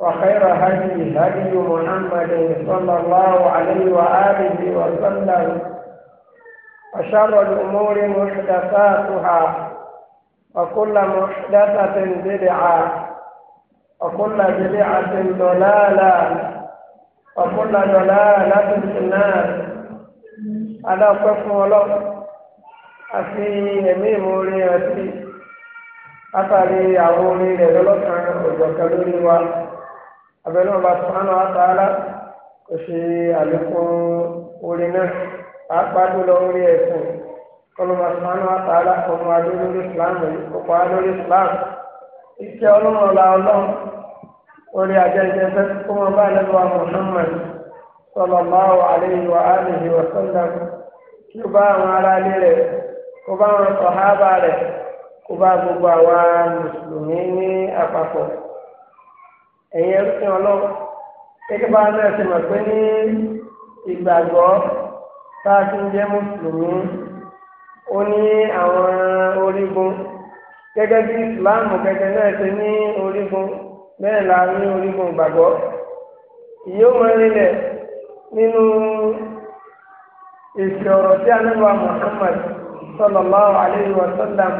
وخير هدي هدي محمد صلى الله عليه وآله وسلم وشر الأمور محدثاتها وكل محدثة بدعة وكل بدعة ضلالة وكل ضلالة في النار على قسم الله أفي يمين موري أتي أتري أبوني لذلك أجوك لوري abẹ́lẹ́ ọba sọ́nà àtàlà kò ṣe àlékún orin náà pàápàá jùlọ orí ẹ̀sìn kọlọ́mà sọ́nà àtàlà ọmọ adé lórí islam ọkọ̀ adé lórí islam ìṣe ọlọ́run ọ̀la ọlọ́run orí ajẹ́jẹ́ fẹ́ kó wọn bá lẹ́nu àwọn muhammad sallallahu alaihi wa alihi wa sallam kí ó bá àwọn ará ilé rẹ̀ kó bá àwọn sọ̀hábà rẹ̀ kó bá gbogbo àwa mùsùlùmí ní àpapọ̀ ẹ̀yẹ rúfin ọlọ́run gẹ́gẹ́ bá náà ṣe mọ̀ pé ní ìgbàgbọ́ tá a ti ń jẹ́ mùsùlùmí ó ní àwọn orígun gẹ́gẹ́ bí ìsìláàmù kẹ̀kẹ́ náà ṣe ní orígun bẹ́ẹ̀ la ní orígun ìgbàgbọ́ ìyóò mọ ilẹ̀ nínú èsì ọ̀rọ̀ tí anábà Muhammad sallallahu alaihi wa sallam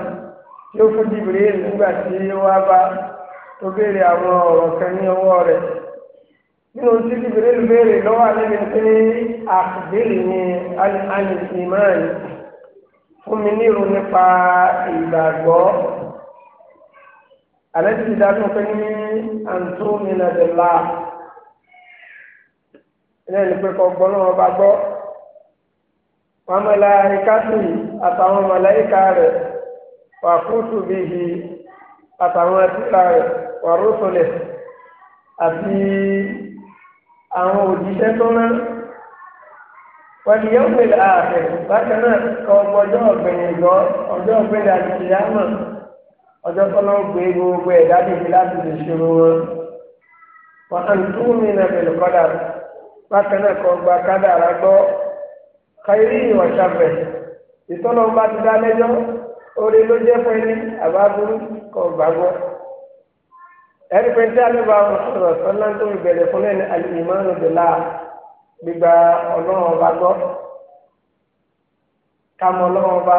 yóò fún Jibril nígbà tí wọ́n bá ó béèrè àwọn ọ̀rọ̀ kan ní ọwọ́ rẹ̀ nínú tí bìbélì ń béèrè lọ́wọ́ àlejò pé àkùbélì ni alìsìmáàlì fún mi ní irun nípa ìgbàgbọ́ àlẹ́ ti dájú pé ní àǹtómìnà dèlà ilé ẹni pé kọ́ gbọ́ náà bá gbọ́ wọn mọ̀lá ikásù àtàwọn mọ̀lá rẹ̀ wà fún tùbí àtàwọn ẹtìlá rẹ̀ wàrúsọlẹ̀ àti àwọn òjíṣẹ́ tó rán wọ́n yóò pèlè ààfẹ́ bákan náà kọ́ ọjọ́ ọ̀gbẹ̀yìn gbọ́ ọjọ́ ọ̀gbẹ̀yìn àti ìyámọ̀ ọjọ́ tó lọ́ gbé gbogbo ẹ̀dá dìbò láti lè ṣòro wọn. wọ́n á ní túwú mi náà pẹ̀lú kọ́dà bákan náà kọ́ gba kádàrá gbọ́ káyọ̀rí ìwà ṣàbẹ̀ ìtọ́nà bá ti dá lẹ́jọ́ orí ló jẹ́ fún ẹni àbá burú kọ́ gbàgbọ́ ẹni pé tí alẹ́bàá ọ̀sọ̀rọ̀ sọ́lá tó ìbẹ̀rẹ̀ fún lẹ́nu alìmọ́nù bìlá gbígba ọlọ́run ọba gbọ́ kámọ́ ọlọ́run ọba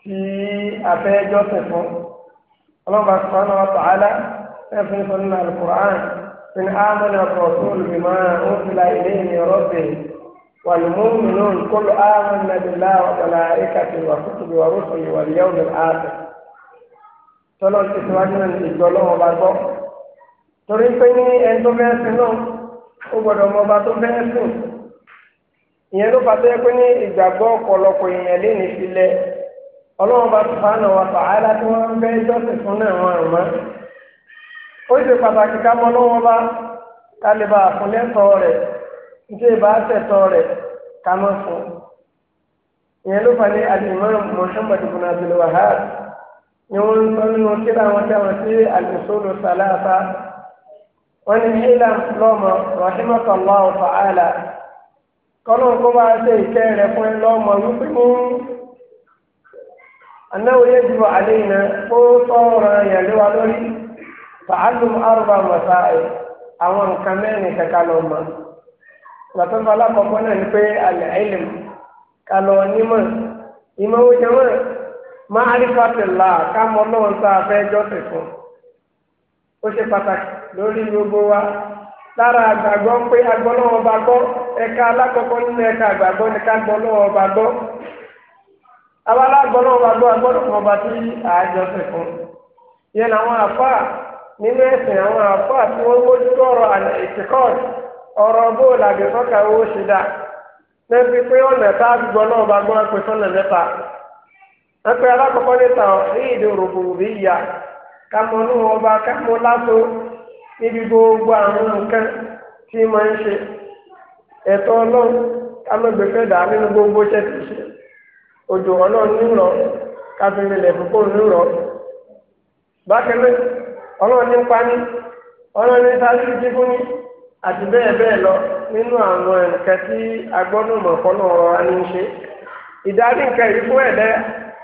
tí afẹ́jọ́ sẹ̀ fún ọlọ́run ọba sọ́nà ọ̀tàlá ẹ̀ fún sọ́nà alukur'an fún amẹ́nà rọ̀sọ́lù bìmọ́ ó fìlà ilé ìní rọ́bì wàlúmọ́ọ̀mù lónìí kó lọ́ amẹ́nà bìlá ọ̀tàlá tọ́lọ́ ti síwájú náà ìjọ ọlọ́wọ́ bá gbọ́ torí pé ní ẹni tó fẹ́ sìn náà ó gbọ́dọ̀ mọ ọba tó fẹ́ sìn ìyẹn ló fàtẹ́ pé ní ìgbàgbọ́ ọ̀pọ̀lọpọ̀ èèyàn lé ní filẹ̀ ọlọ́wọ́n tí wọ́n fẹ́ jọ́sìn fún náà wọn ó ṣe pàtàkì ká mọ rẹ̀ ni wọ́n sọ nínú kílà wọn tí wọ́n sí àlùsọ́lù sàlàfà wọ́n ní hílà lọ́mọ rahimahullahu ta'ala kọ́nà kó bá ṣe ìkẹ́ rẹ̀ fún ẹ lọ́mọ wípé mú anáwó yẹ ju àléyìnà ó sọ̀rọ̀ yẹn lé wa lórí fàálùm àrùbá mọ̀sáì àwọn nǹkan mẹ́rin kẹka lọ́mọ gbàtọ́fà alákọ̀ọ́kọ́ náà ni pé al-ilm kálọ̀ onímọ̀ ìmọ̀ òjò mọ̀ máa rí fàtẹ̀lá kámọ́ lọ́wọ́ tá a fẹ́ jọ́sìn fún ó ṣe pàtàkì lórí gbogbo wa lára àgbàgbọ́ pé agbọ́lọ́wọ́ bá gbọ́ ẹ̀ka alákọ̀ọ́kọ́ nínú ẹ̀ka àgbàgbọ́ ni ká gbọ́lọ́wọ́ bá gbọ́ àwa alágbọ́lọ́wọ́ bá gbọ́ agbọ́dọ̀ kan bá tí a jọ́sìn fún yẹn làwọn àfáà nínú ẹ̀sìn àwọn àfáà tí wọ́n mójú tó ọ̀rọ̀ àná ìtìkọ́ọ̀tì ọ̀rọ̀ bóòlù àgbẹ̀fọ́kà owó ṣe dá lẹ́bi pé ọ̀nà tá a gbọ́ náà bá gbọ́ pé sọ́nà mẹ́ta ẹgbẹ́ alákọ̀ọ́kọ́ ní tàn èyí ni rògbòdìyà kámọ́ ní wọn bá kámọ́ lásò níbi gbogbo àwọn nǹkan tí mo ń ṣe ẹ̀tọ́ ọlọ́run kámọ́ gbẹ̀fẹ́ dà nínú gbogbo iṣẹ́ ṣe òjò ọlọ́run nírọ̀ nírọ̀ ọlọ́run ní ọlọ́run ní sáré ní àti bẹ́ẹ̀ bẹ́ẹ̀ lọ nínú àwọn tí mọ̀ọ́kọ́ náà rọra ní í ṣe ìdarí nǹkan ìfún ẹ̀dẹ́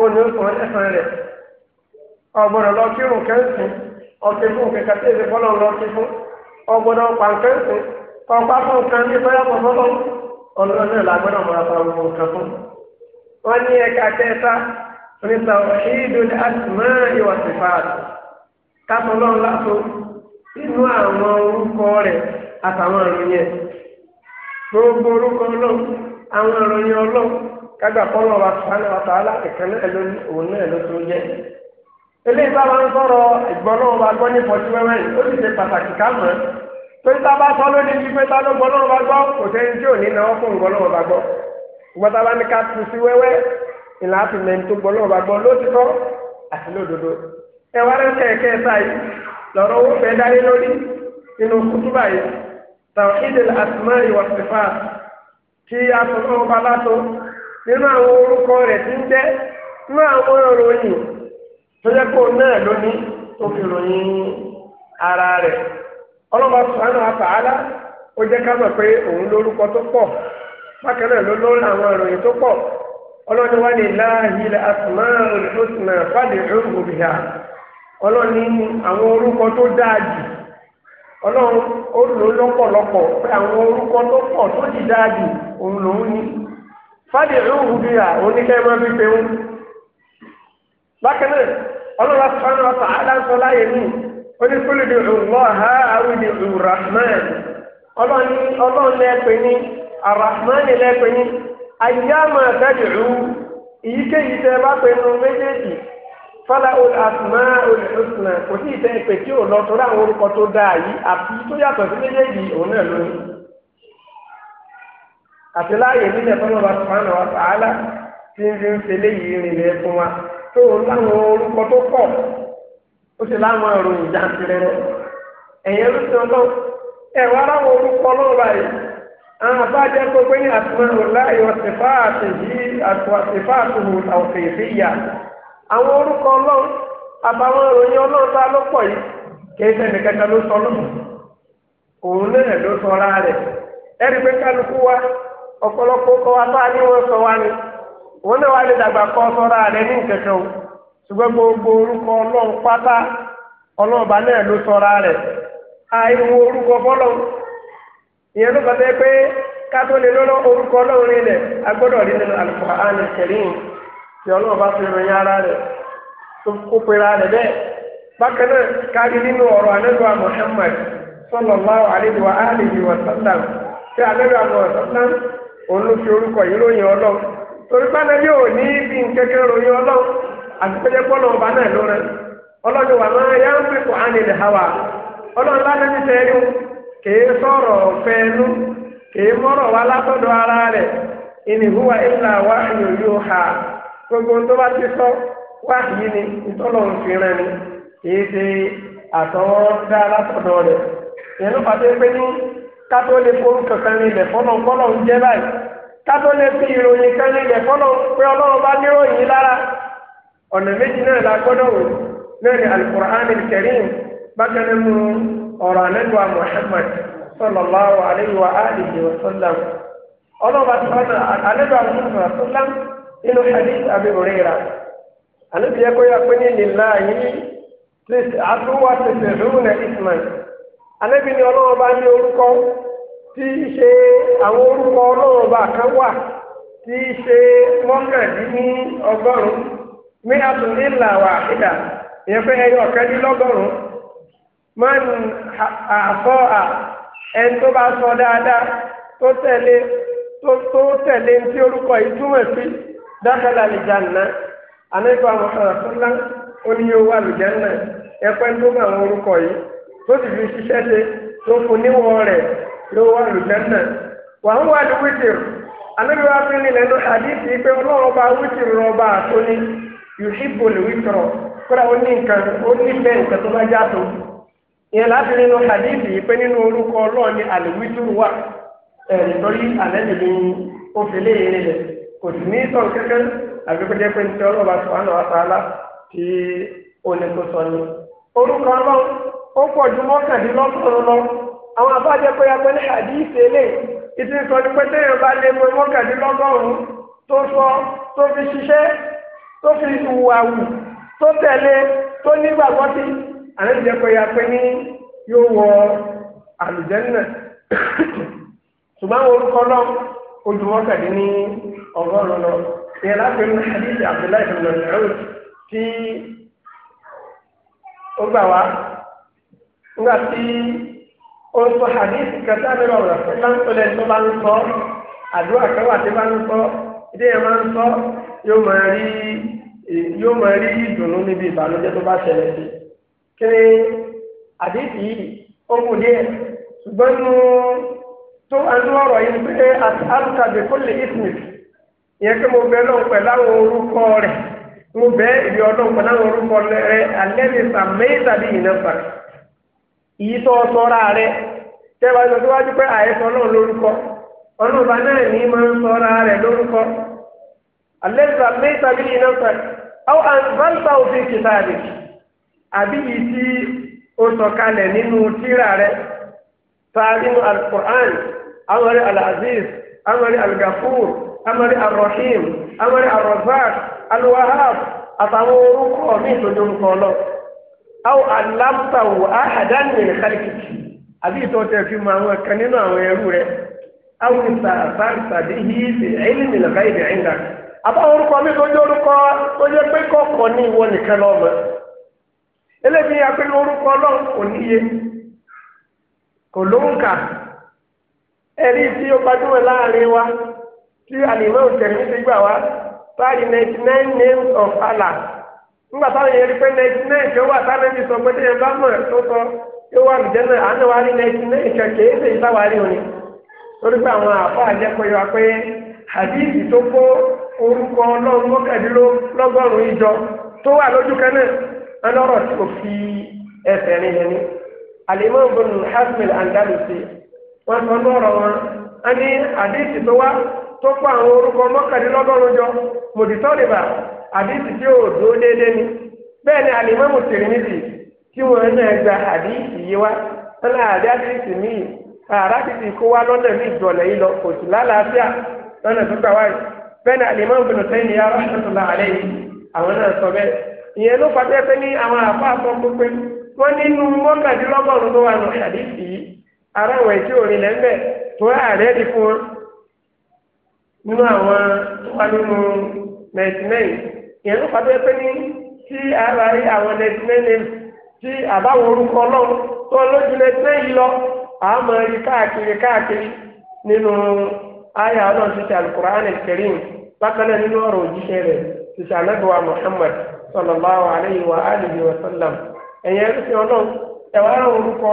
onye ló sọ ẹ̀sán rẹ̀ ọ̀gbọ́dọ̀ lọ kírun kẹ́sìn ọ̀sẹ̀ fún kẹ̀kẹ́ tí èsì fọlọ́ lọ sí fún ọ̀gbọ́dọ̀ pàǹkẹ́sìn kọ̀ọ̀pá fún nǹkan ní báyàpọ̀ fọlọ́ ọ̀nà náà làgbọ́dọ̀ mọ̀ra pa gbogbo nǹkan fún. wọ́n ní ẹ̀ka kẹta lọ́n inú àwọn orúkọ rẹ̀ àtàwọn ẹ̀ gbogbo orúkọ kágbà kọ́ lọ́wọ́ sanu àtàlà ìkànnì ẹ̀lò òun náà ló tó jẹ́. eléyìí bá wọn sọ̀rọ̀ ìgbọ́n náà wà gbọ́ ní pọ̀jù wẹ́wẹ́ yìí ó sì ṣe pàtàkì ká mọ̀ pé tá a bá sọ lóde bíi pé tá a ló gbọ́ náà wà gbọ́ kò sẹ́ni tí ò ní náwó fún ìgbọ́n náà wà gbọ́. bá ní ká tu sí wẹ́wẹ́ ìlà àti mẹ́ni tó gbọ́n náà wà gbọ́ lótìtọ́ àti lódodo. ẹ wá rẹ kẹ̀kẹ́ sáyé lọ́rọ̀ owó fẹ́ dálé lórí inú kútúbà yìí tàwọn ìdèlè àtúmáyé wà tí a sọ nínú àwọn orúkọ rẹ̀ ti ń jẹ́ nínú àwọn ìròyìn tó yẹ kó náà lónìí tó fi ròyìn ara rẹ̀ ọlọ́mọ sànù àtàlà ó jẹ́ ká mọ̀ pé òun lórúkọ tó pọ̀ bákan náà ló lórí àwọn ìròyìn tó pọ̀ ọlọ́ni wá ní láàyè fàdé ìròyìn àwọn orúkọ tó dáa jù ọlọ́run ó lò lọ́pọ̀lọpọ̀ pé àwọn orúkọ tó pọ̀ tó dáa jù òun fáàdì ìrúhù bí a oníkẹ́ máa fi pé wọn. bákan náà ọlọ́run asọ́nù ọ̀sán aláǹsọ láyé mi oníkúlù di ìrùlọ́ ha àwùjọ ìrùrahman lẹ́pẹ́ ní arahman lẹ́pẹ́ ní ayáma fẹ́ẹ̀dì rú ìyíkéyìí bá pẹ́ nu méjèèjì fọlá kò sí ìtẹ́ ìpè tí ò lọ tó láwọn orúkọ tó dáa yìí àti tó yàtọ̀ sí méjèèjì òun náà àti láàyè nílẹ̀ tọ́lọ́ba sùpánù àtàlà tí ń fi ń ṣe léyìí rìnlẹ̀ fún wa tó láwọn orúkọ tó pọ̀ ó sì láwọn ìròyìn jàǹtìrẹ rẹ ẹ̀yẹ ló ti ọlọ́ ẹ̀ wá orúkọ ọlọ́ọ̀ba yìí àwọn tó pé ní láàyè àwọn orúkọ ọlọ́run àbáwọn ìròyìn ọlọ́run yìí rẹ̀ ọ̀pọ̀lọpọ̀ kọ́ wá sáà ní wọ́n sọ wá ní wọ́n lè wá lè dàgbà kọ́ sọ́ra rẹ̀ ní nkẹ̀kẹ́ o ṣùgbọ́n gbogbo orúkọ ọlọ́run pátá ọlọ́run bá náà ló sọ́ra rẹ̀ àìwò orúkọ fọ́lọ́ ìyẹn ló kọ́ sẹ́yìn pé ká tó lè lọ́rọ́ orúkọ ọlọ́run rí rẹ̀ a gbọ́dọ̀ rí nínú àlùfáà àni kẹrin tí ọlọ́run bá fi rìn ara rẹ̀ tó kó pera rẹ̀ bẹ́ẹ̀ bákan náà ká olùfi orúkọ yìí ròyìn ọlọ́run torí pálẹ̀ yóò ní ibi nkẹ́kẹ́ ròyìn ọlọ́run àti pẹ́jẹ́ pọ́nà ọba náà ló rẹ ọlọ́run wà máa yá ń pèpò ánìlẹ̀ hàwà ọlọ́run lánàá ní sẹ́yìn kèé sọ̀rọ̀ fẹ́ẹ́nu kèé mọ́rọ̀ wá látọ̀dọ̀ ara rẹ̀ ìnìhùwà ìlà wá ha gbogbo tó bá ti sọ wá yìí ni ìtọ́lọ̀ ń fi rẹ̀ ni kèé ṣe àtọwọ́ dá kátó lè forúkọ kan nílẹ̀ fọ́nà fọ́nà ń jẹ́ báyìí kátó lè fi ìròyìn kan nílẹ̀ fọ́nà pé ọlọ́run bá níròyìn lára ọ̀nà méjì náà la gbọ́dọ̀ wò lórí alukur'an kẹrin bákan nínú ọ̀rọ̀ anẹ́dùá muhammad sallallahu alayhi wa alihi wa sallam ọlọ́ba sọ́nà anẹ́dùá muhammad sallam nínú hadith abi huraira anẹ́dùá yẹ yà pé ní lillahi àtúwà tẹsẹ̀ lóhùn náà ismail anẹ́bí ni ọlọ́ba ní orúkọ tí í ṣe àwọn orúkọ ọlọ́run bá kan wà tí í ṣe mọ́kàndínní ọgọ́rùn-ún mí àtúndí ńlá wà ìdá ìyẹn fẹ́ ẹyọ ọ̀kẹ́dínlọ́gọ́rùn-ún máa ń àfọ́ à ẹni tó bá sọ dáadáa tó tẹ̀lé tó tó tẹ̀lé ní tí orúkọ yìí túmọ̀ sí dákàlà àlìjáná àlejò àwọn ọ̀sánlá oníyòwò àlìjáná ẹ̀pẹ́ tó mọ àwọn orúkọ yìí tó sì fi ṣiṣẹ́ ṣe tó fún níwọ̀n rẹ̀ ló wà lùjánà wà ń wà ní wítìrì anábì wa fi nílẹ̀ ní àdìsí pé ọlọ́run bá wítìrì ọba àtúní yòókìbò lè wítìrọ̀ kódà ó ní nǹkan ó ní bẹ́ẹ̀ nǹkan tó bá já tó ìyẹn láti nínú àdìsí pé nínú orúkọ ọlọ́run ni àlùwítìrì wà ẹ̀rì torí àlẹ́lẹ̀ ni ó fi lé eré rẹ̀ kò sì ní sọ̀rọ̀ kẹ́kẹ́ àgbẹ̀kọ̀jẹ́ pé ní ọlọ́ba sọ̀hánà wa sàálà tí ó ní kó sọ ní. orúkọ ọlọ́run ó pọ̀ ju mọ́kàndínlọ́gọ́rùn-ún lọ àwọn àbájẹ́ pé apẹ́ ní àdíìsì ilé ìtì sọ ní pé téèyàn bá lé mọ́ mọ́kàndínlọ́gọ́rùn-ún tó sọ tó fi ṣiṣẹ́ tó fi hùwàwù tó tẹ̀lé tó nígbàgbọ́ sí àlejò pé apẹ́ ní yóò wọ oṣù hadith kẹta nílò ọ̀rọ̀ fúnlá ń tọ́lẹ̀ tó bá ń sọ àdúrà kẹwàá tí bá ń sọ ilé yẹn máa ń sọ yóò máa rí yóò máa rí hadith yìí ó kù tó àánú ọ̀rọ̀ yìí pé àtàkàbí kó lè ismith ìyẹn kí mo na lọ́n pẹ̀lú àwọn orúkọ mo bẹ ìbí ọdún pẹ̀lú ìyí tó sọ́ra rẹ tẹ́wàá lọ síwájú pé àìsàn náà lórúkọ náà ní máa ń rẹ lórúkọ alẹ́sà mẹ́ta bí iná sàn áwọ àǹfààǹfà òfin kìtà rẹ àbí yìí tí nínú rẹ sáárínú alukur'an amari alaziz amari algafur amari alrahim amari alrazak alwahab àtàwọn orúkọ mi ìtòjú aw alamtahu ahadan min khalqik àbí ìtọ́ tẹ fi mọ àwọn kan nínú àwọn ẹrú rẹ aw ìsàfà ìsàbíhì fi ilmi al-ghaybi indak àbá orúkọ mi tó jẹ orúkọ tó jẹ pé kọkọ ní ìwọ nìkan lọmọ eléyìí apẹ orúkọ Ọlọ́run kò níye kò lóǹkà ẹ̀rí tí ó gbajúmọ̀ láàrin wa tí àlìmọ́ òtẹ̀mí ti gbà wá báyìí nine names of Allah. ńgbà táwọn yẹn rí pé ninety nine tó wà táwọn ẹbí sọ pé tí yẹn bá mọ̀ tó sọ yóò wà lùjẹ́ náà àánú wa rí ninety nine kan kì í òní torí pé àwọn àfọ àjẹpọ̀ yọ pé àdìsí tó kó orúkọ ọlọ́run mọ́kàndínlọ́gọ́rùn-ún ìjọ tó wà lójú fi ni andalusi a ní àdìsí tó kó àwọn orúkọ mọ́kànlélọ́gọ́rùn jọ mòdìtọ́rìbà àdìsí tí ò dúró déédéé ni bẹ́ẹ̀ ni alimami tìrìmìtì tí wọ́n náà gba àdìsí yé wa wọn náà àdí àdìsí míì àrà ti ti kó wa lọ́nà mí ìjọlẹ̀ yìí lọ kò sí lálàáfíà lọ́nà tó gbà wáyé bẹ́ẹ̀ ni alimami bìnnú sẹ́yìn ni yàrá ṣàtúnlá àlẹ́ yìí àwọn náà sọ bẹ́ẹ̀ ìyẹn ló fà bẹ́ẹ̀ pé ní àwọn àfa àfọ pípé wọn nínú mọ́kàndínlọ́gọ́rùn-ún tó wà nù àdìsí yìí ara àwọn ètí òrìlẹ̀ ń bẹ̀ tó ààrẹ di fún wọn. nínú àwọn tó wá nínú ninety nine ìyẹn ló pàdé pé ní tí ara si àwọn ninety tí orúkọ tó lójú lọ àmọ́ rí káàkiri káàkiri nínú ayé àwọn ọ̀sítì alukur'an kẹrin bákan nínú ọ̀rọ̀ òjíṣẹ́ rẹ̀ sísè anábìwá muhammad sallallahu alayhi wa alihi wa sallam ẹ̀yẹ ẹ̀rúfin ọlọ́run ẹ̀wà orúkọ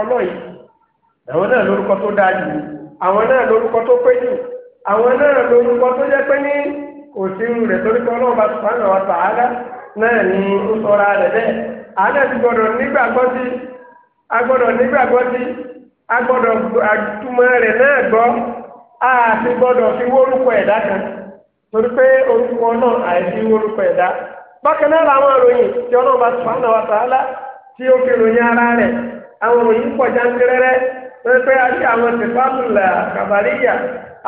àwọn náà lórúkọ tó dáa jù àwọn náà lórúkọ tó jù àwọn náà lórúkọ tó jẹ́ pé ní kò sí irú rẹ̀ torí pé ọlọ́run sùpánà wa tààlà náà ni ó sọra rẹ̀ bẹ́ẹ̀ ti gbọ́dọ̀ nígbàgbọ́ sí agbọ́dọ̀ nígbàgbọ́ sí agbọ́dọ̀ àtúmọ̀ rẹ̀ náà gbọ́ gbọ́dọ̀ fi wórúkọ ẹ̀dá kan torí pé orúkọ náà àìsí wórúkọ ẹ̀dá bákan náà làwọn tí sùpánà wa pẹpẹ àti àwọn a kàbàríyà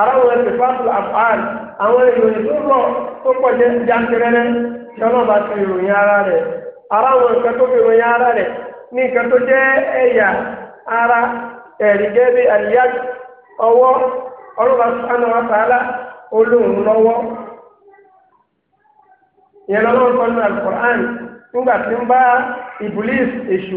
àwọn tìfáàmùlà àfààn àwọn ìròyìn tó rọ tó pọ̀ jẹ jantirẹrẹ ṣọlá bá ti ìròyìn ara rẹ̀ ara àwọn nǹkan tó fi ìròyìn ara rẹ̀ ní nǹkan tó ara erige gẹ́gẹ́ àríyá ọwọ ọlọ́ba sùpánà wa olóhùn lọ́wọ́ ìyẹn lọ́wọ́ sọ́nù àlùkò àn nígbà tí ń bá ìbùlíìsì èṣù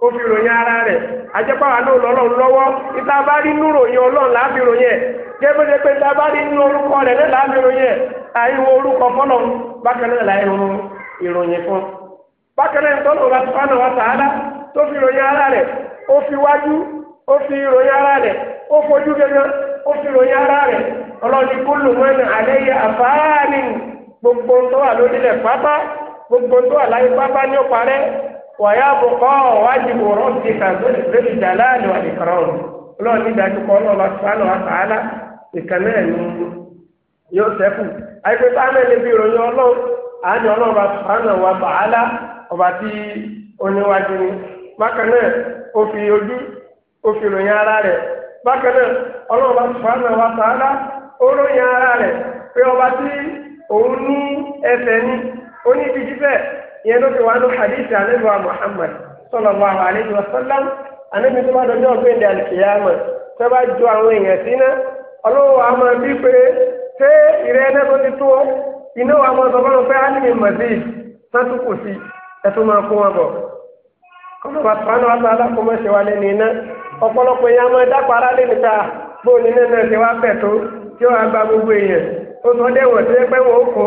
ó fi ròyìn ara rẹ̀ ajẹ́pàwà náà lọ́lọ́run lọ́wọ́ ìta bá rí inú ròyìn ọlọ́run láàbí ròyìn ẹ̀ gẹ́gẹ́ pé ìta bá rí inú orúkọ rẹ̀ náà láàbí ròyìn ẹ̀ àìwọ orúkọ fọ́nà bákan náà láì ìròyìn fún bákan náà fánà wá sàádá tó fi ròyìn ara rẹ̀ ó fi wájú ó fi ròyìn ara rẹ̀ ó fojú gẹ́gẹ́ ó fi ròyìn ara rẹ̀ ọlọ́ni gbogbo tó wà ويبقى واجب ربك ذو الجلال والإكرام ọlọ́run ní ìdájú kan ọlọ́run bá sùpánù àtàlà ìkan náà ni yóò sẹ́kù àìpé sáánà lè fi ìròyìn ọlọ́run àánú ọlọ́run bá sùpánù wa bàálà ọba tí oníwájú ni bákan náà ó fi ojú ó fi ròyìn ara rẹ̀ bákan náà ọlọ́run bá sùpánù wa bàálà ó ròyìn ara rẹ̀ pé ọba tí òun ní ẹsẹ̀ ni ó ní ibi jífẹ́ ìyẹn ló ti wà ní hadith anabiwa muhammad sallallahu alaihi wa sallam anabi tó bá dọjọ́ ọ̀gbìn dàn kìyàmà tó bá ju àwọn èèyàn síná ọlọ́wọ́ wa máa bí pé ṣé ìrẹ́ ẹ̀dẹ́ tó ti tó iná wa máa sọ fún pé alimi mazid sátú kù sí ẹtú máa kó wọn bọ̀ kọ́mọ bàtà wọn ṣe wà lẹ́nu iná ọ̀pọ̀lọpọ̀ máa ṣe wá bẹ̀ tó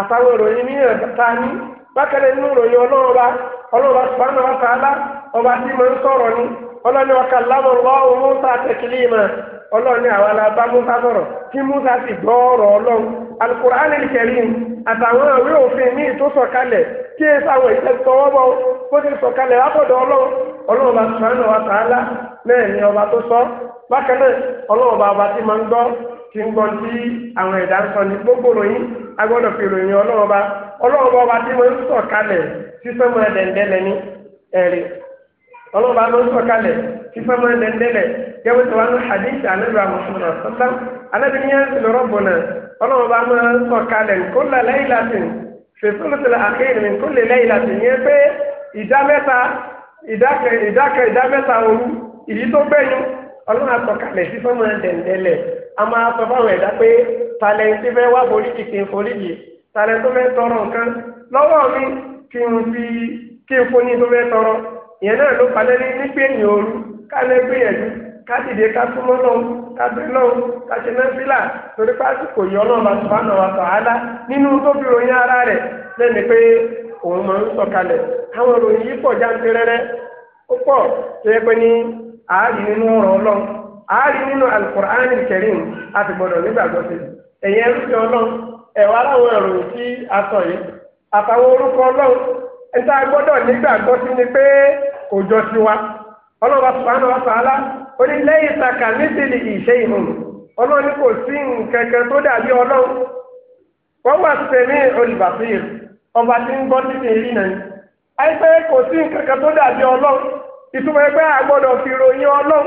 àtàwọn ìròyìn ní ẹ̀ta ní bákẹ́lẹ́ nínú ìròyìn ọlọ́ọ̀ba ọlọ́ọ̀ba sùpánà ọ̀tá alá ọba tí mo ń sọ̀rọ̀ ni ọlọ́ni ọkà lámọ̀ lọ́wọ́ Musa tẹ̀kílìmà ọlọ́ni àwọn alábá Musa sọ̀rọ̀ tí Musa sì gbọ́ ọ̀rọ̀ ọlọ́run alukur'an kẹrin àtàwọn ìwé òfin ní ìtòsọ̀kalẹ̀ kí ẹ sáwọn ìtẹ́tọ́wọ́bọ̀ bó ti sọ̀kalẹ̀ ni ọba tó sọ bákan náà ọlọ́run ọba a gbọ́dọ̀ fi ròyìn ọlọ́ọ̀ba ọlọ́ọ̀ba ọba tí mo ń sọ̀ kalẹ̀ sísẹ́ mọ́ ẹ̀dẹ̀ndẹ́lẹ̀ ní ẹ̀rí ọlọ́ọ̀ba ló ń sọ̀ kalẹ̀ sísẹ́ mọ́ ẹ̀dẹ̀ndẹ́lẹ̀ gẹ́gẹ́ tí wọ́n hadith anábìá mùsùlùmí ọ̀sán anábìá yẹn ti lọ́rọ̀ bọ̀ náà ọlọ́ọ̀ba mo ń sọ̀ kalẹ̀ kó lálẹ́ ìlàsìn fèsìlùsìlẹ̀ àkéèrè mi kó lè lẹ́ ìlàsìn yẹn pé ìdá mẹ́ta ìdákẹ́ ìdá mẹ́ta òru ìyí tó gbẹ̀yìn ọlọ́run àtọ̀kalẹ̀ sísẹ́ mọ́ ẹ̀dẹ̀ndẹ́lẹ̀ a máa sọ fáwọn ẹ̀dá pé talẹ̀ntì fẹ́ wá foríjì kí n foríjì talẹ̀ntì fẹ́ tọrọ nǹkan lọ́wọ́ mi kí n fi kí n fún ní tó fẹ́ tọrọ ìyẹn náà ló kalẹ̀ ní nígbè ní ooru kálẹ̀ gbìyànjú ká dìde ká súnmọ́ lọ́wọ́ ká bẹ lọ́wọ́ ká ṣe náà fílà torí pásítọ̀ yọ náà bá tọ́ àná wa àádá nínú tó fi ròyìn ara rẹ̀ lẹ́ni pé òun máa ń sọ̀kalẹ̀ àwọn ròyìn yìí pọ̀ jáǹtẹ̀rẹ́rẹ́ ó pọ̀ tó yẹ pé ní àárín nínú ọ̀rọ̀ ọlọ́run àárí nínú alukur'an kẹrin àti gbọ́dọ̀ nígbàgbọ́ sí ẹ̀yẹ tí a sọ yìí àtàwọn orúkọ ọlọ́run ẹ̀ta gbọ́dọ̀ nígbàgbọ́ sí ni pé kò jọ sí wa ọlọ́run subhanahu wa ó ní lẹ́yìn ìsàkà nídìlì ìṣe ìhùn ní ọba tí ń gbọ́ náà àìpẹ́ kò sí tó dàbí ìtumọ̀ ẹgbẹ́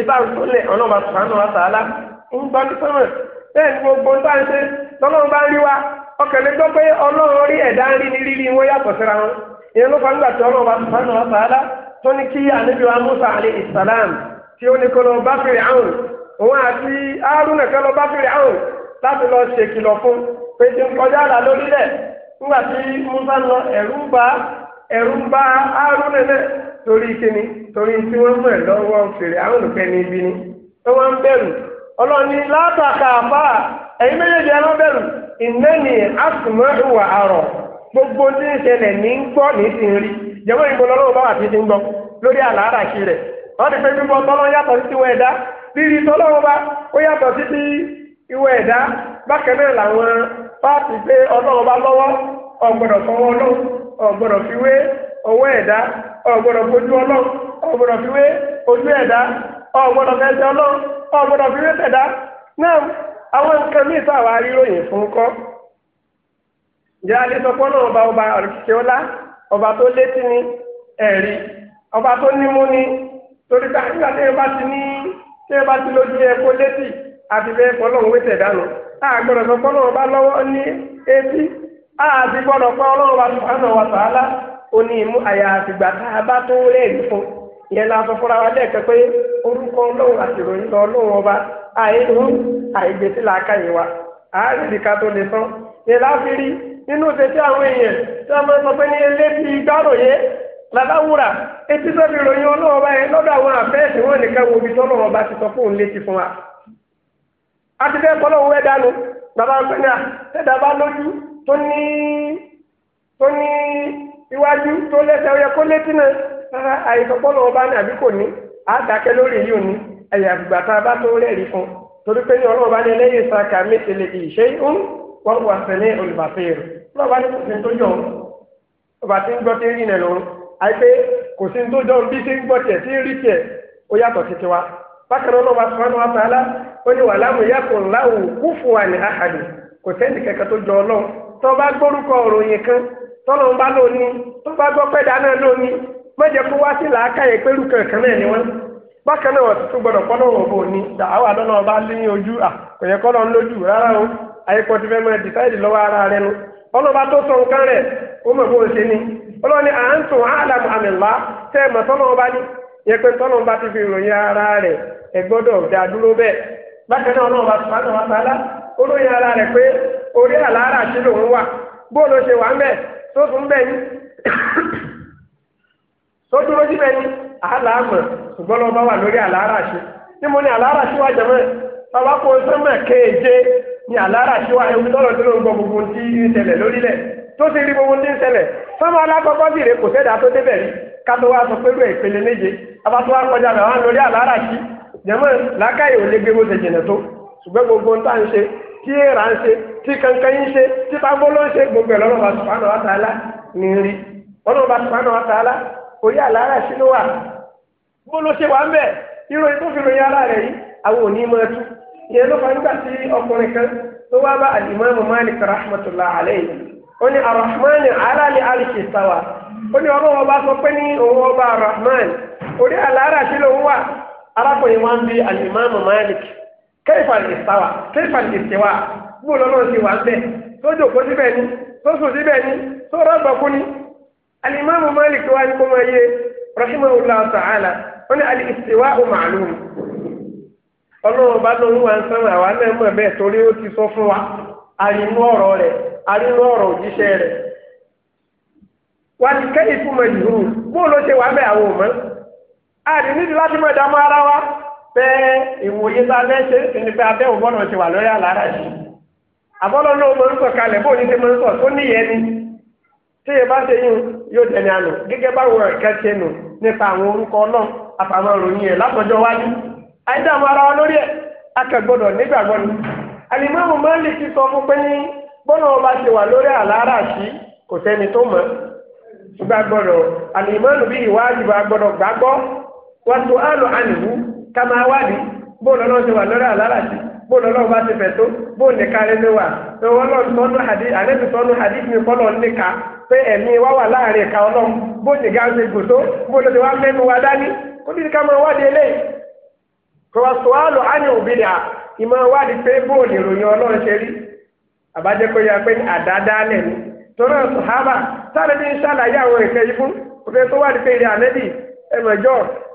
ibà sọlẹ̀ ọlọ́ba sànù àtàlà ń gbọ́ ní sọ́mọ̀ bẹ́ẹ̀ ni gbogbo nǹkan ṣe lọ́lọ́run bá ń rí wa ọkẹ̀lẹ́ gbọ́ pé ọlọ́run rí ẹ̀dá ń rí ní rírí wọn yàtọ̀ síra wọn ìyẹn ló tí tó ní kí alẹ́ ìsàlám tí ó ní kó lọ bá fèrè àwọn òun àti lọ bá fèrè lọ fún lọ ẹ̀rú ń bá ẹ̀rú ń bá torí kíni torí tí wọ́n mú ẹ̀ lọ́wọ́ fèrè àwọn olùkẹ́ ní ibi ni wọ́n wá ń bẹ̀rù látàkà àfà ẹ̀yin méjèèjì ẹ̀ máa bẹ̀rù ìnáni àtùmọ̀ ìwà gbogbo tí ń ṣẹlẹ̀ ní ń ní ti ń rí bá wà títí ń lórí ti tọ́lọ́ yàtọ̀ ọ̀gbọ́dọ̀ fojú ọlọ́run ọ̀gbọ́dọ̀ fi wé ojú ẹ̀dá ọ̀gbọ́dọ̀ fẹsẹ̀ ọlọ́run ọ̀gbọ́dọ̀ fi wé tẹ̀dá náà àwọn nǹkan míì fún kọ́ alẹ́ sọ ọlọ́run ọba ọba ọ̀rẹ́kìkẹ́ ọlá ọba tó létí ni ẹ̀rí ọba tó ni torí nígbà ẹ bá ti ní ó ní imú àyà àtìgbà tá a bá tó rẹ́ẹ̀lì fún ìyẹn la sọ fúnra wa lẹ́ẹ̀kẹ́ pé orúkọ ọlọ́run àti ìròyìn lọ ọba àìgbèsí làákà yìí wa àárẹ̀lì ká tó lè sán ìyẹn láfi rí nínú àwọn èèyàn tí máa sọ pé ní làbáwúrà etí tó fi ròyìn ọlọ́run ọba yẹn lọ́dọ̀ àwọn àfẹ́ẹ̀sì wọn nìkan wo ibi tí ọlọ́run ọba ti sọ fóun létí fún wa. a ti fẹ́ bàbá iwájú tó lẹ́sẹ̀ ọyẹ kó létí náà rárá àìsọpọlọ ọba ní àbí kò ní àdàkẹ́ lórí yìí ò ní ẹ̀yà àgbà tá a bá tó rẹ́ẹ̀rí fún torí pé ní ọlọ́ọ̀bá ní ẹlẹ́yìn sàkà mẹ́tẹ̀lẹ̀ ìṣe ń wọ́n wà sẹ́lẹ̀ olùbàfẹ́ rẹ̀ ọlọ́ọ̀bá ní kò sí tó jọ ọba tí ń gbọ́ tó ń rí tiẹ̀ ó yàtọ̀ wa tààlà ó ní wà láwùn yàtọ̀ láwùn kúfù wà ní àhàlì kò sẹ́ni tọ́lọ̀ ń bá lóní tó bá gbọ́ pẹ́ẹ́dá náà lóní mọ̀jẹ̀ kó wá sí làákàyè pẹ̀lú kankan náà ni wọ́n bákan náà tó gbọdọ̀ kọ́nà wọn bò ní dàáwà lọ́nà ọba o àyẹ̀kọ́ ti fẹ́ mọ dìsáìdì lọ́wọ́ ara rẹ nu ọlọ́ba tó sọ nǹkan ni ọlọ́ni à ń tún àlàmù àmì tẹ́ ẹ̀ mọ̀ tọ́nà sóògùn bẹ́ẹ̀ ni sóògùn lójú bẹ́ẹ̀ ni àhàlà ṣùgbọ́n bá wà lórí àlàárà ṣe ní mo ní bàbá kó sọ́mọ̀ kéèjé ní wá ewu tọ́lọ̀ tó ló ń gbọ́ gbogbo ń ṣẹlẹ̀ lórílẹ̀ tó ti rí gbogbo tí ń ṣẹlẹ̀ alákọ̀ọ́kọ́ sì rè kò sẹ́dá tó débẹ̀ rí kátó wá sọ ìpele méje wá kọjá lórí tí èèrà ń ṣe tí kankan ń ṣe tí pangolo ṣe gbogbo ẹ̀rọ ọlọ́ba sùpánà wa ní rí ọlọ́ba sùpánà wa tààlà orí àlàárà sí wà bó ló ṣe wà ń bẹ̀ ìròyìn tó fi ròyìn ara rẹ̀ yìí àwọn òní máa tú ìyẹn ló fa nígbà alimami Malik rahmatulah alayhi ó ní alali sawa ó ní ọba sọ pé ní òun ọba orí àlàárà wa ń alimami Malik. kẹ́yìfà lè sáwà kẹ́yìfà lè tẹ̀wà gbogbo lọ́nà ti wà bẹ́ẹ̀ tó jòkó síbẹ̀ ni tó sùn síbẹ̀ ni tó rọ́gbà kú ni. alimami malik wa ni kò máa yé rahimahullah ta'ala wọn ni alìsèwà ma'lum ọlọ́run bá lọ́run wa ń sẹ́wọ̀n àwa náà mọ̀ bẹ́ẹ̀ torí ó ti sọ fún wa àrínú ọ̀rọ̀ rẹ̀ àrínú ọ̀rọ̀ òjíṣẹ́ rẹ̀ wà ní kẹ́yìfù mọ̀ yìí bó ló ṣe wà bẹ́ẹ̀ àwọn òmọ́ àdìnídìí láti mọ̀ ìdààmú ara wa. bẹ́ẹ̀ ìwòye bá bẹ́ẹ̀ ṣe ní pé abẹ́ ti wà lórí àlàrà yìí àbọ̀lọ́ náà mo ń sọ kalẹ̀ bó ní ti mọ̀ ń sọ tó ní ni tí bá ṣe yín yóò dẹni àná gẹ́gẹ́ báwo ẹ̀kẹ́ ṣe nù nípa àwọn orúkọ náà ìròyìn ẹ̀ látọjọ́ wájú àìdààmú ara wa lórí ẹ̀ nígbàgbọ́ ni sọ fún pé ní bọ́lá ọba ṣe wà lórí sí kò sẹ́ni tó mọ̀ wa gbọ́dọ̀ gbàgbọ́ wọ́n tó Kama máa wádìí bó lọ́lọ́ ti wà lórí àlálàjì bó lọ́lọ́ bá ti fẹ̀ tó bó nìka rẹ̀ ló wà lọ́wọ́ lọ́n tọ́nu hadi àlẹ́bí tọ́nu hadi mi kọ́lọ̀ nìka pé ẹ̀mí wá wà láàrin ìka ọlọ́run bó nìka ṣe gòtó bó lọ́ọ́ ti wá mẹ́nu wa dání kó bí ká máa wádìí eléyìí kò wá sọ wá lọ ánì òbí dà ìmọ̀ wádìí pé bó ní ìròyìn ọlọ́run ṣe rí àbájẹ́ kó yá pé àdáadáa lẹ̀ ní torí ọ̀sán hábà sáré bí ń ṣàlàyé àwọn ìkẹyìí fún òfin tó wádìí pé ìrìn ànẹ́bì ẹ̀mọ̀jọ́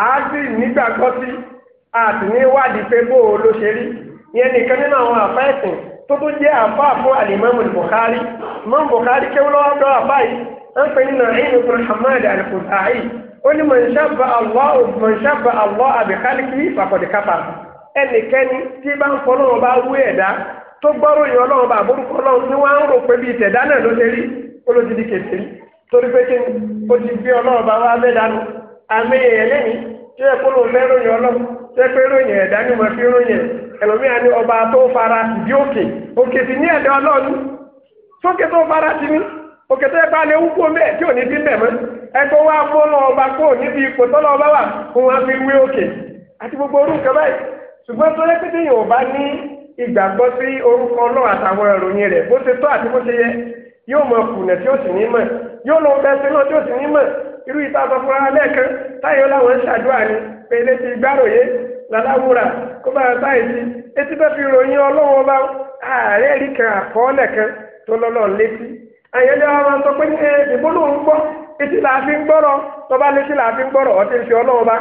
àádì nígbàgbọ́ sí àti ní wádìí pé bó o ló ṣe rí yẹn nìkan nínú àwọn àfa ẹ̀sìn tó tó jẹ́ àfa fún alimami Bukhari mọ́n Bukhari kéwú lọ́wọ́ dọ́ yìí pè ní nàìjíríà ibùdó Hamad al ó ní mọ̀nsábà àlọ́ mọ̀nsábà àlọ́ àbíkálíkì fàkọ̀dìkápà ẹnikẹ́ni tí bá ń fọ́ lọ́wọ́ bá wú ẹ̀dá tó gbọ́rọ̀ bá wọ́n á rò àmì èèyàn lẹ́yìn tí ẹ kúrò fẹ́ ròyìn ọlọ́run tí ẹ pé ròyìn ẹ̀dá ní ọba tó fara bí òkè òkè sì ní ẹ̀dá ọlọ́run sókè tó fara ti ní òkè tó yẹ wúkú tí ò ní bí mẹ wa mú lọ ọba kó níbi ipò wà fún wa fi òkè àti gbogbo báyìí ṣùgbọ́n tó bá ní ìgbàgbọ́ sí orúkọ náà àtàwọn ìròyìn rẹ̀ bó ṣe tó irú ite fún wa lẹ́ẹ̀kan táyọ̀ làwọn ń ṣàdúrà ni pé létí gbàròyé làláwùrà kó bá a báyìí sí etí bá fi ròyìn ọlọ́wọ́ bá ààrẹ rí kan àkọọ́lẹ̀ kan tó lọ́lọ́ létí àyẹ̀lẹ́ wa máa ń sọ pé ní ìbólú ń gbọ́ etí là á fi ń gbọ́rọ̀ tọ́ba létí là á fi ń gbọ́rọ̀ ọtí fi ọlọ́wọ́ bá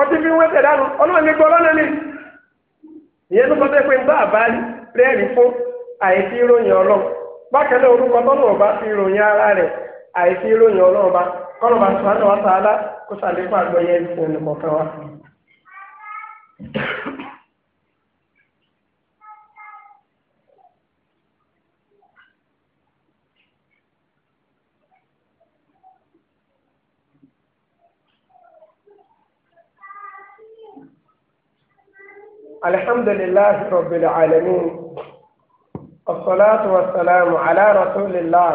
ọtí fi ń wẹ́sẹ̀ dànù ọlọ́run ní gbọ́ lọ́nà kọ́nà bá sọ àná wa sàálà kó sàlékún àgbọ̀yẹ ìfún nìkọ̀ọ̀kan wa. الحمد لله رب العالمين والصلاة والسلام على رسول الله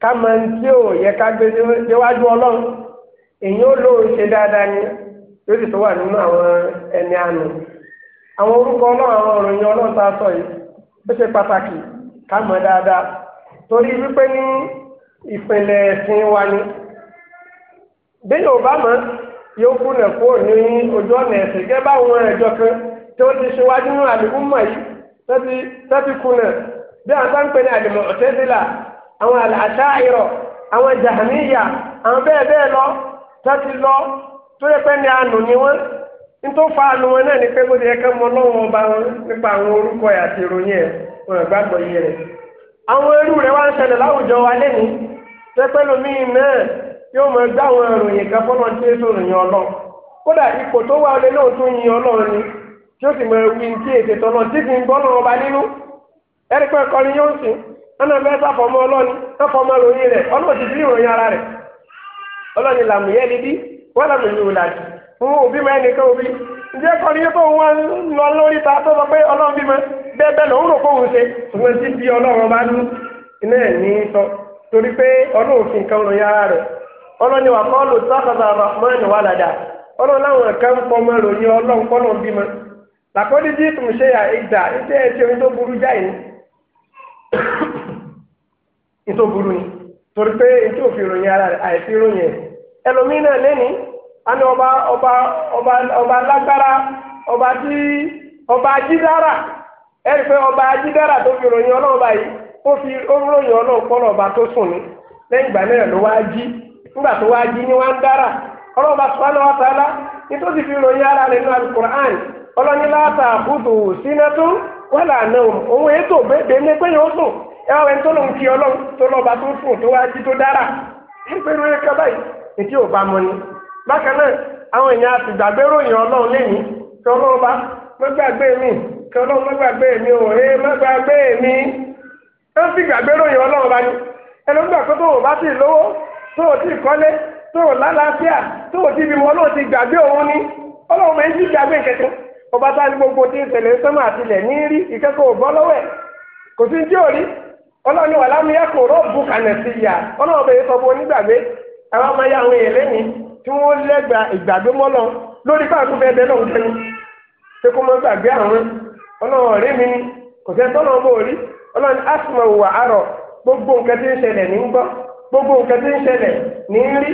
kama máa o tí ò yẹ ká gbé déwájú ọlọ́run èyí ó lóun ṣe dáadáa ni yóò sì tó wà nínú àwọn ẹni àná àwọn orúkọ ọlọ́run àwọn òròyìn ọlọ́run tá a sọ yìí ó ṣe pàtàkì ká mọ̀ dáadáa torí wípé ní ìpìlẹ̀ ẹ̀sìn wa ni bí yóò bá mọ̀ yóò kúnlẹ̀ kúrò ní ojú ọ̀nà ẹ̀sìn gẹ́gẹ́ kan tí ti ṣíwájú nínú àdìgún mọ̀ àwọn àṣàìrọ̀ àwọn jahamiya àwọn bẹ́ẹ̀ bẹ́ẹ̀ lọ tó lọ tó yẹ pé ní àánú ni wọ́n tó fa àánú wọn náà ni pé bóde yẹ ká mọ lọ́wọ́ ọba wọn nípa àwọn orúkọ iye rẹ̀ àwọn irú rẹ̀ wá ń ṣẹlẹ̀ láwùjọ wa lẹ́nu tó náà yóò mọ gbá àwọn ìròyìn kan fọ́nà tí ọlọ́ kódà ipò tó náà yin ọlọ́run ni tí ó sì mọ ní tọ́nà tí fi ọba nínú ọ̀nà bẹ́ẹ̀ sáfọmọ ọlọ́ni sáfọmọ lórí rẹ̀ ọlọ́run ti fi ìròyìn ara rẹ̀ ọlọ́ni làmúyẹ́ níbí wọ́n làmúyẹ́ wò láti fún òbí mẹ́rin nìkan òbí ǹjẹ́ kọ́ ni tó wọ́n lọ lórí ta tó sọ pé bímọ ṣe bá dún iná ní sọ torí pé ròyìn ara wà kọ́ rahman wà tó burú ni torí pé ètò òfin ìròyìn ara rẹ̀ àìsí ọba ọba ọba ọba ọba ọba ọba fi fi ròyìn ọba tó sùn ni lẹ́yìn ìgbà náà ló wá jí nígbà tó wá jí ni wá ń dára wa fi ara rẹ̀ ọlọ́ni ẹ wá tó lòun kí ọlọ́run tó lọ́ba tó fò tó wá jí tó dára ń pẹ̀lú ẹ̀ka báyìí ètí ò bá mọ ni. bákan náà àwọn èèyàn àtìgbàgbé ròyìn ọlọ́run lẹ́ni kí bá mi kí mi ò ẹ mi. ẹ fi gbàgbé ròyìn bá ní ẹlòmígbà pé tó o bá ọba tá a ní gbogbo ń tẹ̀lé sọ́mọ́ ọlọ́ni wà láwọn yẹ kó rọ́ọ̀bù kànẹ̀ sí bẹ̀rẹ̀ sọ onígbàgbé àwọn ọmọ ya àwọn èèyàn lẹ́ni tí wọ́n lẹ́gbà ìgbàgbé mọ́lọ lórí bá àtúntò ẹ̀bẹ̀ náà tẹnu pé kó mọ́ gbàgbé àwọn rí mi ni kò tọ́lọ́ asùnmọ̀ wà gbogbo nǹkan ń ṣẹlẹ̀ ní ń gbọ́ gbogbo nǹkan ń ṣẹlẹ̀ ní ń rí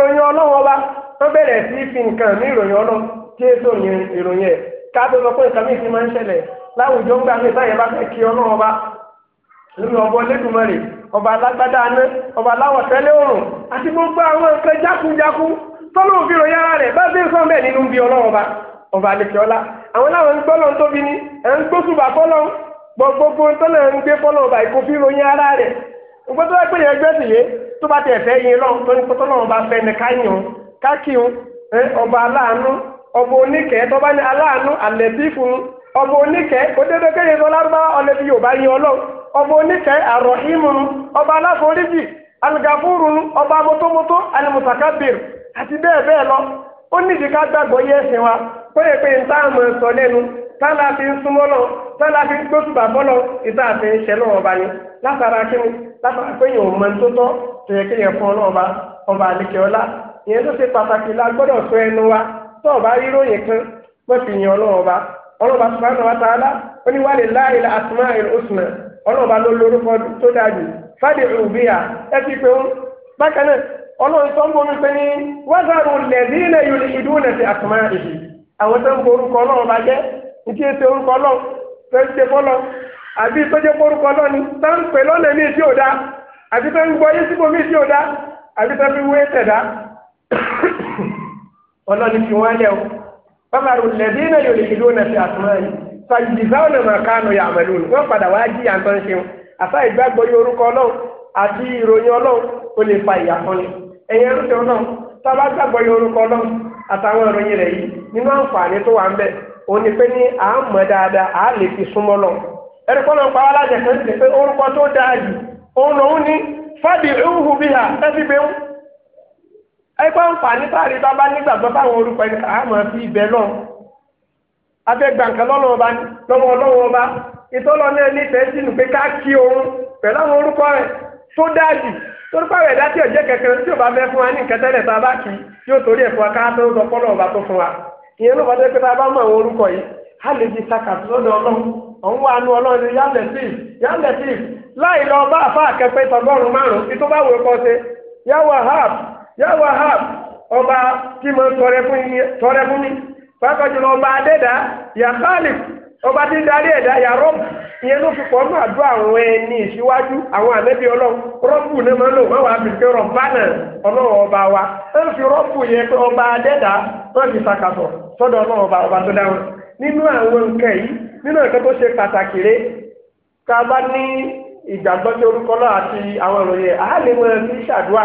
jẹ́mọ́ tó bẹ̀rẹ̀ sí fi nǹkan ní ìròyìn ọlọ́ tí èso yẹn ìròyìn ẹ̀ ká tó sọ pé nǹkan mi ti máa ń ṣẹlẹ̀ láwùjọ ń gbà mí sáyẹn bá fẹ́ kí ọlọ́run ọba lórí ọbọ lẹ́dùnmọ́rì ọba alágbádá aná ọba aláwọ̀ tẹ́lẹ̀ òrùn àti gbogbo àwọn nǹkan jákujáku tọ́lú òfin ròyìn ara rẹ̀ bá dé sọ́ọ̀mẹ́ nínú bí ọlọ́run ọba ọba ni ẹ̀ ń gbósùbà fọ́lọ́ gbogbo tọ́lẹ̀ ń gbé fọ́lọ́ ọba ìkófin ròyìn ara rẹ̀ gbogbo tó bá pè yẹn gbẹ́sì yé tó bá tẹ̀ fẹ́ yin lọ́n tó ní kótó kákìún ọba aláàánú ọba oníkẹ tọba ní aláàánú àlẹ́bífù ọba oníkẹ́ òdodo kéye sọ lárúbáwá ọlẹ́bí yorùbá yin ọlọ́run ọba oníkẹ́ àrọ̀ ìmù ọba aláforíjì alùgàfúrù ọba mọ́tòmọ́tò alimusakabir àti bẹ́ẹ̀ bẹ́ẹ̀ lọ ó ká wa péye tálá fi ń lọ tálá fi ń gbósùbà ìta àti ọba ni látara látara tó fún ọlọ́ọ̀ba ọba ọlá ìyẹn tó ṣe pàtàkì la gbọ́dọ̀ sọ ẹnu wa tó o bá rí ròyìn kan wọ́n fi yan ọlọ́run ọba ọlọ́run ọba subhanahu wa ta'ala ó ní wàlẹ̀ láàyè la àtúmọ̀ àìrò òsùnà ọlọ́run ọba ló lórúkọ tó dáa jù fàdé òbíà ẹ ti pé ó bákan náà ọlọ́run tó ń bomi pé ní wàzàrù lẹ́dí ilẹ̀ yòlì ìdúnà ti àtúmọ̀ ìdí àwọn tó ń bo orúkọ ọlọ́run ọba jẹ́ ìdí ètò orúkọ ọlọ́run tó ń ṣe fọ́lọ́ àbí tó jẹ́ orúkọ ọlọ́run tó ń pè lọ́nà ní ìdí òdá àbí tó ń gbọ́ yé síbòmí ìdí òdá àbí tó fi wé tẹ̀dá ọlọ́ni fi wọ́n lẹ́wọ́ fọ́màrù lẹ́bí náà yóò lè fi lónà sí àtúmáyì fàjìdìfáwọn náà máa yà àmàlù wọn padà wá jí àǹtọ́ ń ṣeun àfa ìgbàgbọ́ yóò orúkọ àti ìròyìn ọlọ́run ó lè fa náà tábà yóò orúkọ àtàwọn ìròyìn yìí nínú àǹfààní tó wà ń òun ni pé ní à ń dáadáa à lè fi lọ ẹni kọ́ náà pàwọ́ kan ti pé orúkọ tó dáa jù òun lòún ní ẹgbẹ́ nfààní táàrí bá bá nígbàgbọ́ báwọn orúkọ ẹni kà máa fi ibẹ̀ lọ. abẹ́gbà nǹkan lọ́wọ́ ọba lọ́wọ́ ọlọ́wọ́ ọba pé ká kí òun pẹ̀lú àwọn orúkọ rẹ̀ a bá yóò torí ká tó ọba tó fún wa. ìyẹn ló pé bá mọ àwọn orúkọ yìí lè lọ́dọ̀ ọlọ́run wa ọlọ́run ní yálẹ̀ sí yálẹ̀ sí láì lọ bá àfa àkẹ́pẹ́ yá wahab ọba tí mo tọrẹ fún mi pàápàá ọba adẹ́dá yà kálí ọba tí darí ẹ̀dá yà rọ́bù ìyẹn ló fi pọ̀ nù àdó àwọn ẹni ìṣíwájú àwọn ànábì ọlọ́run rọ́bù ní ma lò wọ́n wà á bìkẹ́ ọlọ́run ọba wa fi pé ọba adẹ́dá wọ́n fi sàkàtọ̀ sọ́dọ̀ ọlọ́run ọba ọba tó dáhùn nínú àwọn nǹkan yìí nínú nǹkan tó ṣe pàtàkì ká bá ní ìgbàgbọ́ orúkọ náà àti àwọn ìròyìn àá lè mọ ẹni ṣàdúrà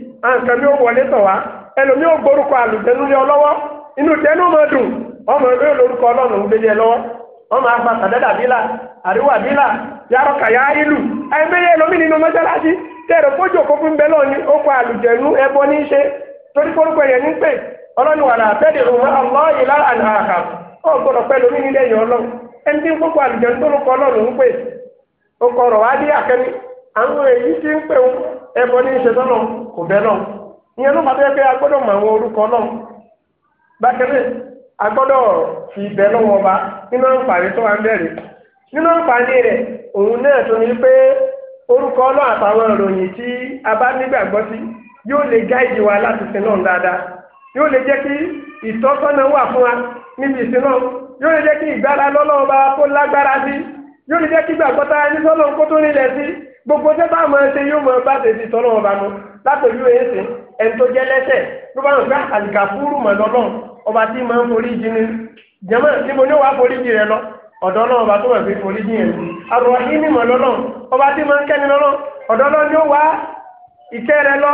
a ah, mi ò wọlé tọ̀ wá ẹlòmí ò gbórúkọ àlùjẹnu lé ọ lọ́wọ́ inú jẹnu máa dùn ọmọ ẹgbẹ́ olórúkọ ọlọ́run ń gbélé lọ́wọ́ ọmọ àgbà sàdẹ́dà bílà àríwá bílà yàrá kàyà ìlú nínú mọ́ṣáláṣí tẹ̀rẹ̀ fún ó kọ àlùjẹnu ẹbọ ní í ṣe torí yẹn ní pè ọlọ́run wà ẹbọ ní ìṣe tọ́nà kò bẹ́ náà ìyẹn ló máa pé a gbọ́dọ̀ mọ àwọn orúkọ náà bákẹ́lẹ́ a gbọ́dọ̀ fi bẹ́ lọ́wọ́ ọba nínú àǹfààní tó wà ń bẹ̀rẹ̀ nínú àǹfààní rẹ̀ òun náà tó ní pé orúkọ náà àtàwọn ìròyìn tí a bá nígbàgbọ́ sí yóò lè wa láti sin náà dáadáa yóò lè jẹ́ kí ìtọ́sọ́nà wà fún wa níbi ìsin náà yóò yóò lè jẹ́ kí gbàgbọ́ tá a ní sọ́lọ́ kó tó nílẹ̀ sí gbogbo tẹ́ bá máa ṣe yóò máa bá tètè tọ́lọ́ ọba mu látòjú èsì ẹni tó jẹ́ lẹ́sẹ̀ ló bá wọn fẹ́ àlìkà fúrú mọ̀lọ́lọ́ ọba tí máa ń forí jì ni jẹ́mọ́ tí mo ní wàá forí jì rẹ lọ ọ̀dọ́ náà ọba tó wà fi forí jì yẹn àrùn ìní mọ̀lọ́lọ́ ọba tí máa ń kẹ́ni lọ́lọ́ ọ̀dọ́ náà ni ó wá ìkẹ́ rẹ lọ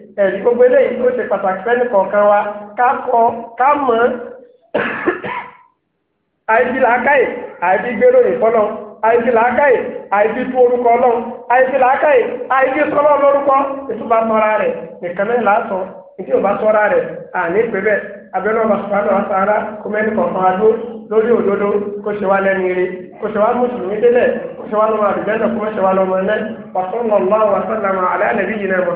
ẹ̀rí gbogbo eléyìí tó ṣe pàtàkì fẹ́ni kọ̀ọ̀kan wa ká kọ ká mọ̀ àìsí làákàyè àìsí gbéròyìn fọlọ́ àìsí làákàyè àìsí tú orúkọ ọlọ́run àìsí làákàyè àìsí sọlọ́ lórúkọ ìtúbà sọ́ra rẹ̀ nìkan náà lásọ ìdí òbá sọ́ra rẹ̀ àní pé bẹ́ẹ̀ abẹ́rẹ́ ọba sọ́ra sọ́ra kó mẹ́ni kọ̀ọ̀kan adó lórí òdodo kó ṣe wá lẹ́nu ire kó ṣe wá mùsùlùmí délẹ̀ kó ṣe wá lọ́mọ àdùgbẹ́sẹ̀ kó ṣe wá lọ́mọ ẹlẹ́ wàsánlọ́lá wàsánlámà alẹ́ àlẹ́bí yìí náà mọ̀